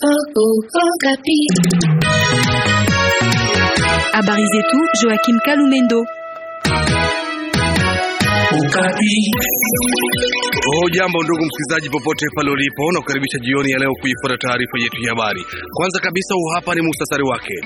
Oh, oh, oh, capi. À Barizetou, Joachim Kalumendo. Oh, jambo ndugu msikilizaji, popote pale ulipo, na kukaribisha jioni ya leo kuifuata taarifa yetu ya habari. Kwanza kabisa, huu hapa ni muhtasari wake.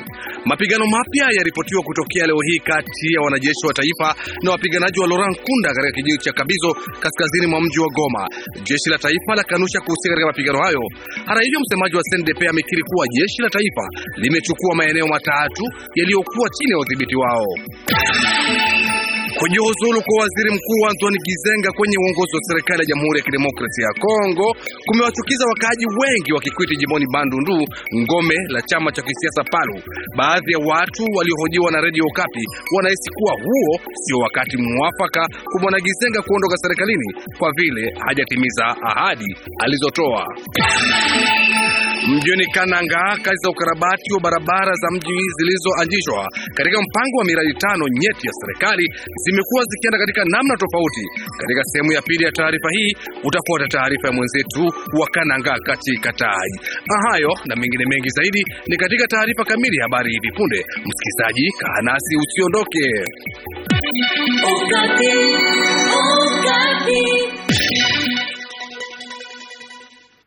Mapigano mapya yaripotiwa kutokea leo hii kati ya wanajeshi wa taifa na wapiganaji wa Laurent Nkunda katika kijiji cha Kabizo kaskazini mwa mji wa Goma. Jeshi la taifa la kanusha kuhusika katika mapigano hayo. Hata hivyo, msemaji wa sndp amekiri kuwa jeshi la taifa limechukua maeneo matatu yaliyokuwa chini ya udhibiti wao. Kujiuzulu kwa waziri mkuu Antoine Gizenga kwenye uongozi wa serikali ya Jamhuri ya Kidemokrasia ya Kongo kumewachukiza wakaaji wengi wa Kikwiti jimboni Bandundu, ngome la chama cha kisiasa Palu. Baadhi ya watu waliohojiwa na Radio Okapi wanahisi kuwa huo sio wakati mwafaka kwa bwana Gizenga kuondoka serikalini kwa vile hajatimiza ahadi alizotoa mjini Kananga, kazi za ukarabati wa barabara za mji zilizoanzishwa katika mpango wa miradi tano nyeti ya serikali zimekuwa zikienda katika namna tofauti. Katika sehemu ya pili ya taarifa hii utafuata taarifa ya mwenzetu wa Kananga katika taji hayo na mengine mengi zaidi ni katika taarifa kamili ya habari hivi punde. Msikilizaji, kaa nasi usiondoke. Ukati, ukati.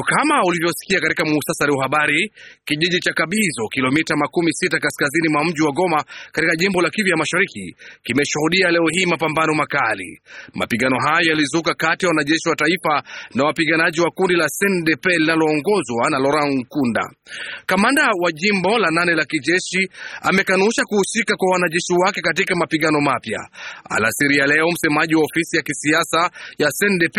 Kama ulivyosikia katika muhtasari wa habari, kijiji cha Kabizo, kilomita makumi sita kaskazini mwa mji wa Goma katika jimbo la Kivu ya Mashariki, kimeshuhudia leo hii mapambano makali. Mapigano hayo yalizuka kati ya wanajeshi wa taifa na wapiganaji wa kundi la SNDP linaloongozwa na Laurent Nkunda. Kamanda wa jimbo la nane la kijeshi amekanusha kuhusika kwa wanajeshi wake katika mapigano mapya. Alasiri ya leo, msemaji wa ofisi ya kisiasa ya SNDP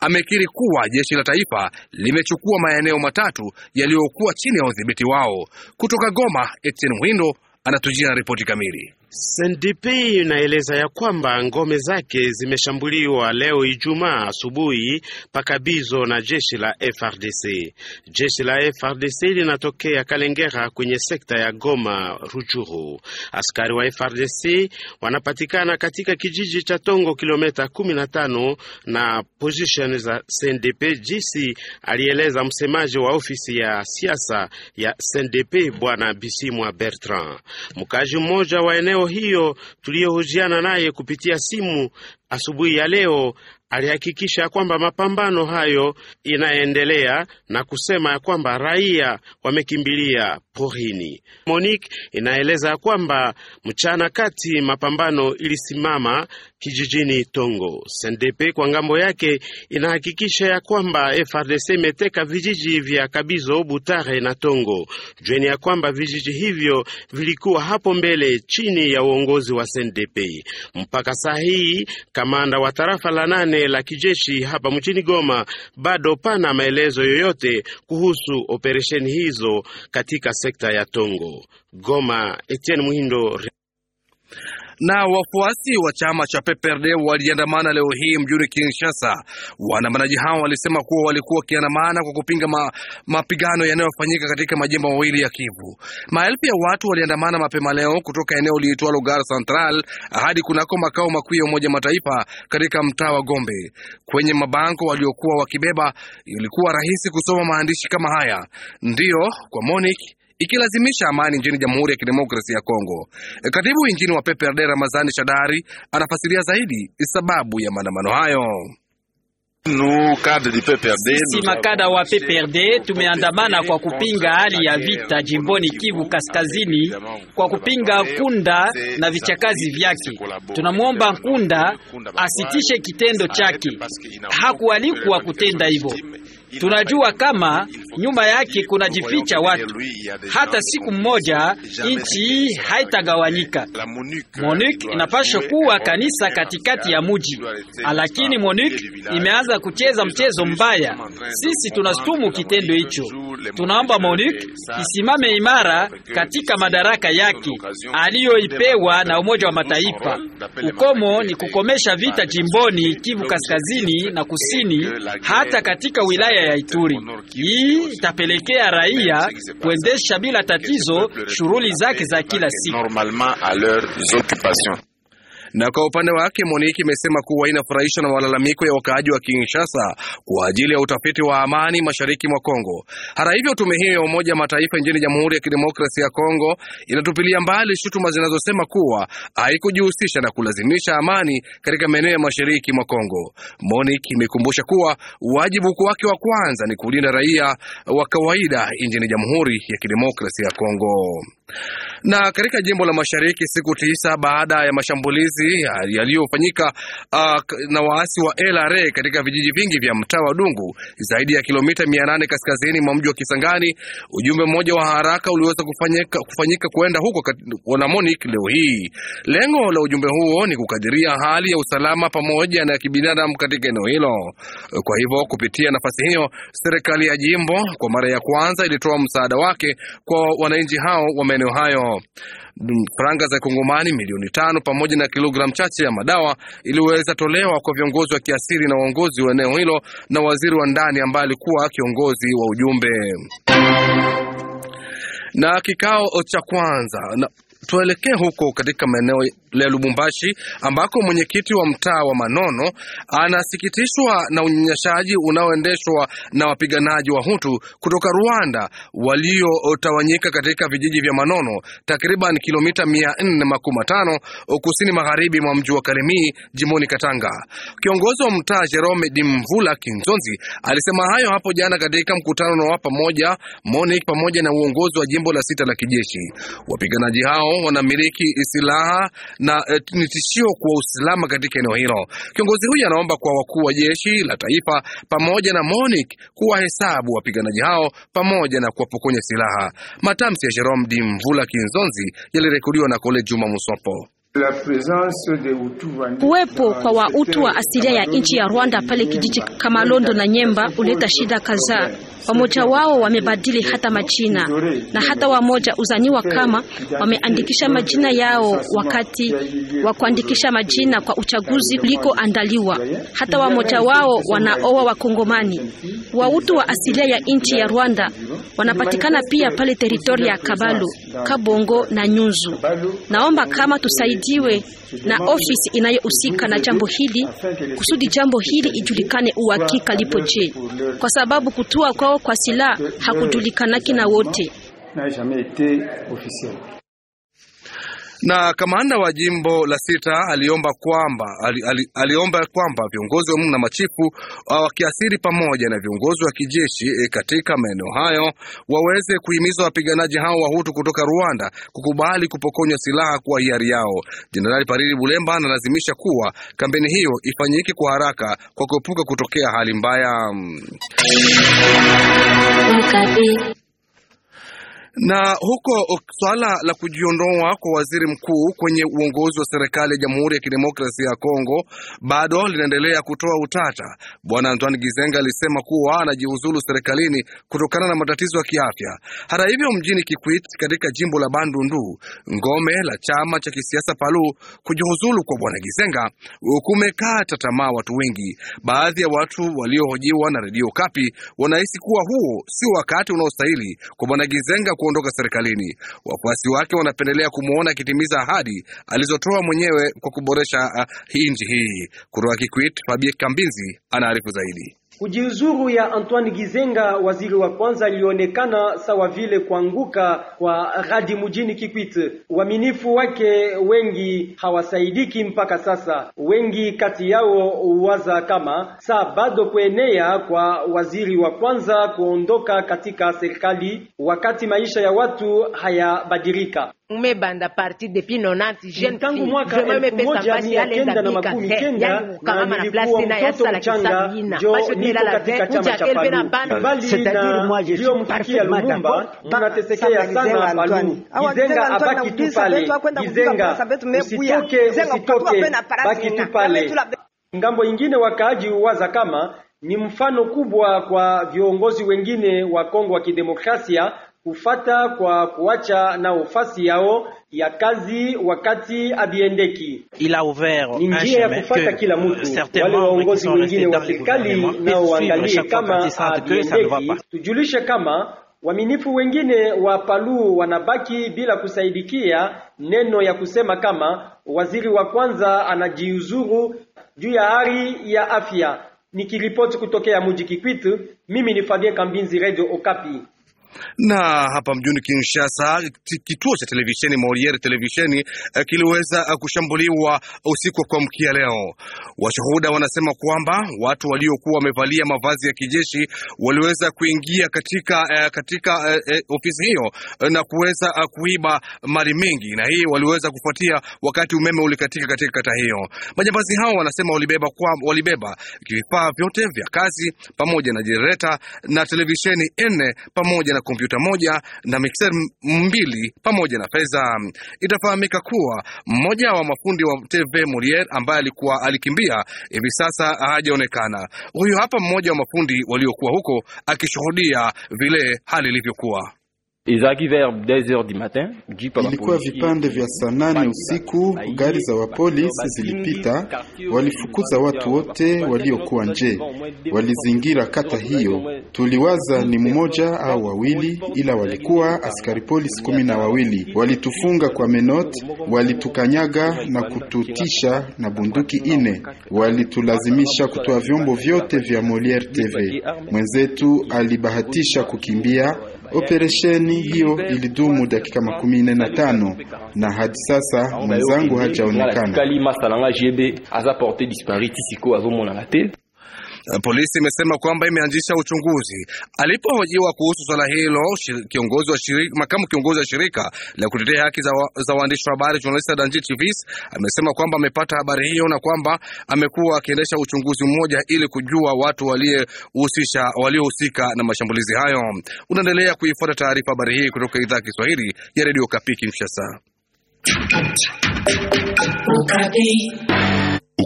amekiri kuwa jeshi la taifa imechukua maeneo matatu yaliyokuwa chini ya udhibiti wao. Kutoka Goma, Etienne Mwindo anatujia na ripoti kamili. SNDP inaeleza ya kwamba ngome zake zimeshambuliwa leo Ijumaa asubuhi pakabizo na jeshi la FRDC. Jeshi la FRDC linatokea Kalengera kwenye sekta ya Goma Ruchuru. Askari wa FRDC wanapatikana katika kijiji cha Tongo kilomita 15 na position za SNDP, jinsi alieleza msemaji wa ofisi ya siasa ya SNDP Bwana Bisimwa Bertrand. Mkaji mmoja wa eneo Leo hiyo tuliyohojiana naye kupitia simu asubuhi ya leo alihakikisha kwamba mapambano hayo inaendelea na kusema ya kwamba raia wamekimbilia porini. Monique inaeleza kwamba mchana kati mapambano ilisimama kijijini Tongo. sndp kwa ngambo yake inahakikisha ya kwamba FRDC imeteka vijiji vya Kabizo, Butare na Tongo. Jueni ya kwamba vijiji hivyo vilikuwa hapo mbele chini ya uongozi wa SNDP. Mpaka saa hii kamanda wa tarafa la nane la kijeshi hapa mjini Goma bado pana maelezo yoyote kuhusu operesheni hizo katika sekta ya Tongo. Goma, Etienne Muhindo na wafuasi wa chama cha PPRD waliandamana leo hii mjini Kinshasa. Waandamanaji hao walisema kuwa walikuwa wakiandamana kwa kupinga ma, mapigano yanayofanyika katika majimbo mawili ya Kivu. Maelfu ya watu waliandamana mapema leo kutoka eneo liitwalo Gare Central hadi kunako makao makuu ya Umoja Mataifa katika mtaa wa Gombe. Kwenye mabango waliokuwa wakibeba ilikuwa rahisi kusoma maandishi kama haya: ndiyo kwa Monique ikilazimisha amani nchini Jamhuri ya Kidemokrasia ya Kongo. Katibu injini wa PPRD Ramazani Shadari anafasiria zaidi sababu ya maandamano hayo. Sisi makada wa PPRD tumeandamana kwa kupinga hali ya vita jimboni Kivu Kaskazini, kwa kupinga Nkunda na vichakazi vyake. Tunamwomba Nkunda asitishe kitendo chake, hakualikwa kutenda hivyo. Tunajua kama nyuma yake kunajificha watu. Hata siku mmoja nchi haitagawanyika. MONUC inapaswa kuwa kanisa katikati ya muji, lakini MONUC imeanza kucheza mchezo mbaya. Sisi tunastumu kitendo hicho. Tunaomba MONUC isimame imara katika madaraka yake aliyoipewa na Umoja wa Mataifa. Ukomo ni kukomesha vita jimboni Kivu Kaskazini na Kusini, hata katika wilaya ya Ituri. Hii itapelekea raia kuendesha bila tatizo shughuli zake za kila siku. Na kwa upande wake Moniki imesema kuwa inafurahishwa na malalamiko ya wakaaji wa Kinshasa kwa ajili ya utafiti wa amani mashariki mwa Kongo. Hata hivyo, tume hiyo ya Umoja wa Mataifa nchini Jamhuri ya Kidemokrasia ya Kongo inatupilia mbali shutuma zinazosema kuwa haikujihusisha na kulazimisha amani katika maeneo ya mashariki mwa Kongo. Moniki imekumbusha kuwa wajibu wake wa kwanza ni kulinda raia wa kawaida nchini Jamhuri ya Kidemokrasia ya Kongo. Na katika jimbo la Mashariki, siku tisa baada ya mashambulizi yaliyofanyika uh, na waasi wa LRA katika vijiji vingi vya mtaa wa Dungu, zaidi ya kilomita 800 kaskazini mwa mji wa Kisangani. Ujumbe mmoja wa haraka uliweza kufanyika, kufanyika kuenda huko na Monique leo hii. Lengo la ujumbe huo ni kukadiria hali ya usalama pamoja na kibinadamu katika eneo hilo. Kwa hivyo, kupitia nafasi hiyo, serikali ya jimbo kwa mara ya kwanza ilitoa msaada wake kwa wananchi hao wa maeneo hayo. Faranga za Kongomani milioni tano pamoja na kilogramu chache ya madawa iliweza tolewa kwa viongozi wa kiasiri na uongozi wa eneo hilo na waziri wa ndani ambaye alikuwa kiongozi wa ujumbe na kikao cha kwanza na tuelekee huko katika maeneo ya Lubumbashi ambako mwenyekiti wa mtaa wa Manono anasikitishwa na unyanyashaji unaoendeshwa na wapiganaji wa Hutu kutoka Rwanda waliotawanyika katika vijiji vya Manono takriban kilomita mia kusini magharibi mwa mji wa Kalemie jimboni Katanga. Kiongozi wa mtaa Jerome Dimvula Kinzonzi alisema hayo hapo jana katika mkutano wa pamoja MONUC pamoja na uongozi wa jimbo la sita la kijeshi. Wapiganaji hao wanamiliki silaha na eh, ni tishio kwa usalama katika eneo hilo. Kiongozi huyu anaomba kwa wakuu wa jeshi la taifa pamoja na MONUC kuwahesabu wapiganaji hao pamoja na kuwapokonya silaha. Matamshi ya Jerome Dimvula Kinzonzi yalirekodiwa na Kole Juma Musopo. Kuwepo kwa wautu wa asilia ya nchi ya Rwanda pale kijiji Kamalondo na Nyemba uleta shida kadhaa. Wamoja wao wamebadili hata majina na hata wamoja uzaniwa kama wameandikisha majina yao wakati wa kuandikisha majina kwa uchaguzi ulikoandaliwa. Hata wamoja wao wanaoa Wakongomani. wautu wa asilia ya nchi ya Rwanda Wanapatikana pia pale teritoria ya Kabalo, Kabongo na Nyunzu. Naomba kama tusaidiwe na ofisi inayohusika na jambo hili kusudi jambo hili ijulikane uhakika lipo je, kwa sababu kutua kwao kwa silaha hakujulikanaki na wote. Na kamanda wa jimbo la sita aliomba kwamba ali, ali, aliomba kwamba viongozi wa na machifu uh, wakiasiri pamoja na viongozi wa kijeshi e, katika maeneo hayo waweze kuhimiza wapiganaji hao wahutu kutoka Rwanda kukubali kupokonywa silaha kwa hiari yao. Jenerali Pariri Bulemba analazimisha kuwa kampeni hiyo ifanyike kwa haraka kwa kuepuka kutokea hali mbaya. Na huko swala la kujiondoa kwa waziri mkuu kwenye uongozi wa serikali ya Jamhuri ya Kidemokrasia ya Kongo bado linaendelea kutoa utata. Bwana Antoine Gizenga alisema kuwa anajiuzulu serikalini kutokana na matatizo ya kiafya. Hata hivyo, mjini Kikwit katika jimbo la Bandundu, ngome la chama cha kisiasa Palu, kujiuzulu kwa Bwana Gizenga kumekata tamaa watu wengi. Baadhi ya watu waliohojiwa na redio Kapi wanahisi kuwa huo sio wakati unaostahili kwa Bwana Gizenga kuondoka serikalini. Wafuasi wake wanapendelea kumwona akitimiza ahadi alizotoa mwenyewe kwa kuboresha uh, nchi hii. Kutoka Kikwit, Fabie Kambinzi anaarifu zaidi. Kujiuzuru ya Antoine Gizenga, waziri wa kwanza, ilionekana sawa vile kuanguka kwa radi mjini Kikwit. waminifu wake wengi hawasaidiki mpaka sasa. Wengi kati yao uwaza kama saa bado kuenea kwa waziri wa kwanza kuondoka katika serikali, wakati maisha ya watu hayabadilika umebanda parti depuis 90 jeune tangu mwaka elfu moja kenda na makumi kenda na nilikuwa mtoto mchanga jo niko katika chama cha PALU kuja na bana mtukia Lumumba tunatesekea sana PALU izenga abaki tu pale izenga usitoke usitoke baki tu pale ngambo ingine wakaaji uwaza kama ni mfano kubwa kwa viongozi wengine wa Kongo wa Kidemokrasia kufata kwa kuacha na ufasi yao ya kazi wakati abiendeki. Ni njia ya kufata kila mtu. Wale waongozi wengine wa serikali nao waangalie kama abiendeki, tujulishe kama waminifu wengine wa Palu wanabaki bila kusaidikia neno ya kusema kama waziri wa kwanza anajiuzuru juu ya hali ya afya. Nikiripoti kutokea mji Kikwitu, mimi ni Fabien Kambinzi, Radio Okapi. Na hapa mjini Kinshasa, kituo cha televisheni Moliere televisheni eh, kiliweza eh, kushambuliwa usiku wa kuamkia leo. Washuhuda wanasema kwamba watu waliokuwa wamevalia mavazi ya kijeshi waliweza kuingia katika, eh, katika ofisi hiyo na kuweza kuiba mali mingi, na hii waliweza kufuatia wakati umeme ulikatika katika kata hiyo. Majambazi hao wanasema walibeba, kwa, walibeba vifaa vyote vya kazi pamoja na jenereta na televisheni nne pamoja na kompyuta moja na mixer mbili pamoja na fedha. Itafahamika kuwa mmoja wa mafundi wa TV Murier ambaye alikuwa alikimbia hivi sasa hajaonekana. Huyu hapa mmoja wa mafundi waliokuwa huko akishuhudia vile hali ilivyokuwa. Ilikuwa vipande vya saa nane usiku, gari za wapolisi zilipita, walifukuza watu wote waliokuwa nje, walizingira kata hiyo. Tuliwaza ni mmoja au wawili, ila walikuwa askari polisi kumi na wawili. Walitufunga kwa menot, walitukanyaga na kututisha na bunduki ine, walitulazimisha kutoa vyombo vyote vya Moliere TV. Mwenzetu alibahatisha kukimbia. Operesheni hiyo ilidumu dakika makumi nne na tano na hadi sasa mwenzangu hajaonekana. Eh, polisi imesema kwamba imeanzisha uchunguzi. Alipohojiwa kuhusu swala hilo, kiongozi wa shirika, makamu kiongozi wa shirika la kutetea haki za, wa, za waandishi wa habari journalist Danji Vis amesema kwamba amepata habari hiyo na kwamba amekuwa akiendesha uchunguzi mmoja ili kujua watu waliohusika walio na mashambulizi hayo. Unaendelea kuifuata taarifa habari hii kutoka idhaa ya Kiswahili ya Radio Kapiki Kinshasa.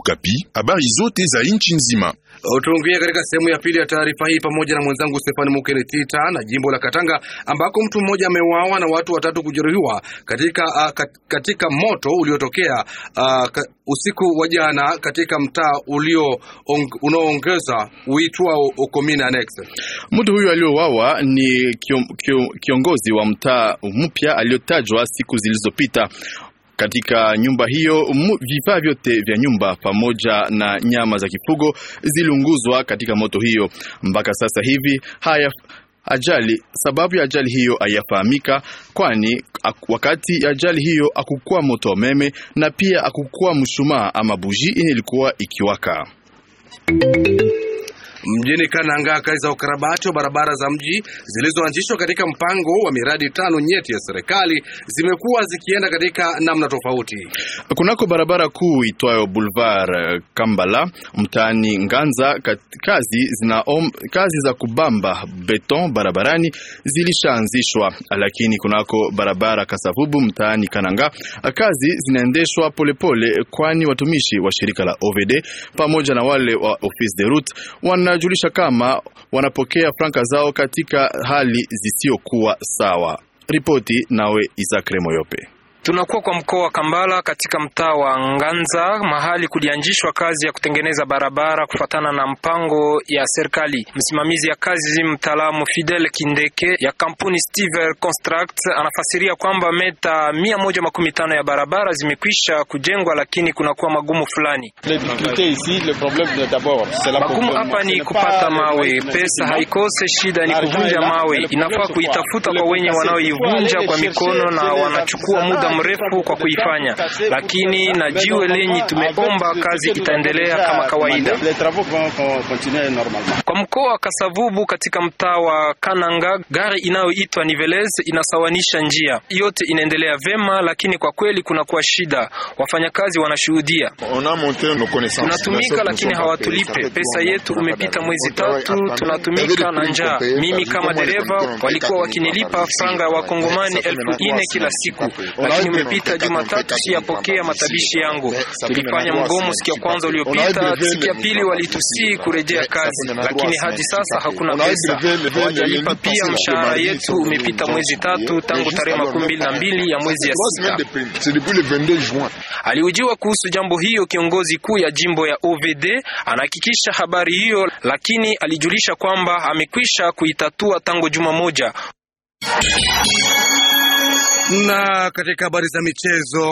Okapi, habari zote za nchi nzima. Tuingie katika sehemu ya pili ya taarifa hii pamoja na mwenzangu Stefani Mukenetita na jimbo la Katanga ambako mtu mmoja ameuawa na watu watatu kujeruhiwa katika, uh, kat, katika moto uliotokea uh, usiku wa jana katika mtaa ulio unaoongeza uitwao Okomina Annex. Mtu huyu aliyouawa ni kio, kio, kiongozi wa mtaa mpya aliyotajwa siku zilizopita. Katika nyumba hiyo vifaa vyote vya nyumba pamoja na nyama za kifugo ziliunguzwa katika moto hiyo. Mpaka sasa hivi haya ajali, sababu ya ajali hiyo haiyafahamika, kwani wakati ya ajali hiyo akukuwa moto wa umeme na pia akukuwa mshumaa ama buji yenye ilikuwa ikiwaka. Mjini Kananga, kazi za ukarabati wa barabara za mji zilizoanzishwa katika mpango wa miradi tano nyeti ya serikali zimekuwa zikienda katika namna tofauti. Kunako barabara kuu itwayo Boulevard Kambala mtaani Nganza, kazi, zina om, kazi za kubamba beton barabarani zilishaanzishwa, lakini kunako barabara Kasavubu mtaani Kananga kazi zinaendeshwa polepole, kwani watumishi wa shirika la OVD pamoja na wale wa Office de Route wana wanajulisha kama wanapokea franka zao katika hali zisiyokuwa sawa. Ripoti nawe Isaac Remoyope. Tunakuwa kwa mkoa wa Kambala katika mtaa wa Nganza mahali kulianzishwa kazi ya kutengeneza barabara kufatana na mpango ya serikali. Msimamizi ya kazi mtaalamu Fidel Kindeke ya kampuni steve Construct anafasiria kwamba meta mia moja makumi tano ya barabara zimekwisha kujengwa, lakini kunakuwa magumu fulani. Magumu hapa ni kupata mawe, pesa haikose, shida ni kuvunja mawe. Inafaa kuitafuta kwa wenye wanaoivunja kwa mikono na wanachukua muda mrefu kwa kuifanya, lakini na jiwe lenyi tumeomba kazi itaendelea kama kawaida. Kwa mkoa wa Kasavubu katika mtaa wa Kananga, gari inayoitwa Nivelez inasawanisha njia yote, inaendelea vema, lakini kwa kweli kuna kuwa shida, wafanyakazi wanashuhudia. Tunatumika lakini hawatulipe pesa yetu, umepita mwezi tatu tunatumika na njaa. Mimi kama dereva walikuwa wakinilipa franga ya wakongomani elfu ine kila siku, lakini imepita Jumatatu siyapokea matabishi yangu. Tulifanya mgomo siku ya kwanza uliopita, siku ya pili walitusii kurejea kazi, lakini hadi sasa hakuna pesa, hawajalipa pia. Mshahara yetu umepita mwezi tatu tangu tarehe makumi mbili na mbili ya mwezi ya sita. Aliujiwa kuhusu jambo hiyo, kiongozi kuu ya jimbo ya OVD anahakikisha habari hiyo, lakini alijulisha kwamba amekwisha kuitatua tangu juma moja. Na katika habari za michezo,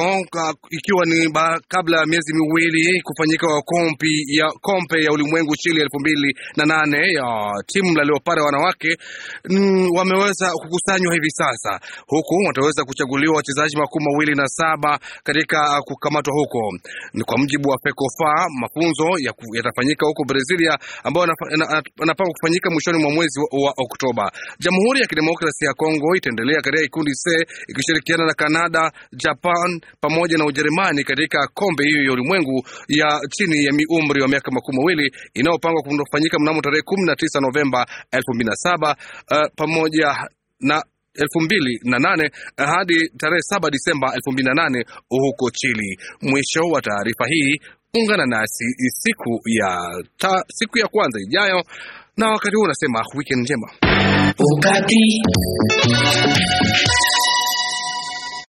ikiwa ni ba, kabla ya miezi miwili kufanyika wa kompi ya kompe ya ulimwengu chili elfu mbili na nane ya timu la Leopard wanawake mm, wameweza kukusanywa hivi sasa, huku wataweza kuchaguliwa wachezaji makumi mawili na saba katika uh, kukamatwa huko. Ni kwa mjibu wa FECOFA, mafunzo yatafanyika ya huko Brazilia ambayo anapangwa kufanyika mwishoni mwa mwezi wa wa Oktoba. Jamhuri ya Kidemokrasia ya Kongo itaendelea katika ikundi C kushirikiana na Kanada, Japan pamoja na Ujerumani katika kombe hiyo ya ulimwengu ya chini ya miumri wa miaka makumi mawili inayopangwa kufanyika mnamo tarehe 19 Novemba 2007 uh, eh, pamoja na elfu mbili na nane eh, hadi tarehe 7 Disemba nane huko chili Mwisho wa taarifa hii, ungana nasi siku ya, ta, siku ya kwanza ijayo, na wakati huu unasema weekend njema ukati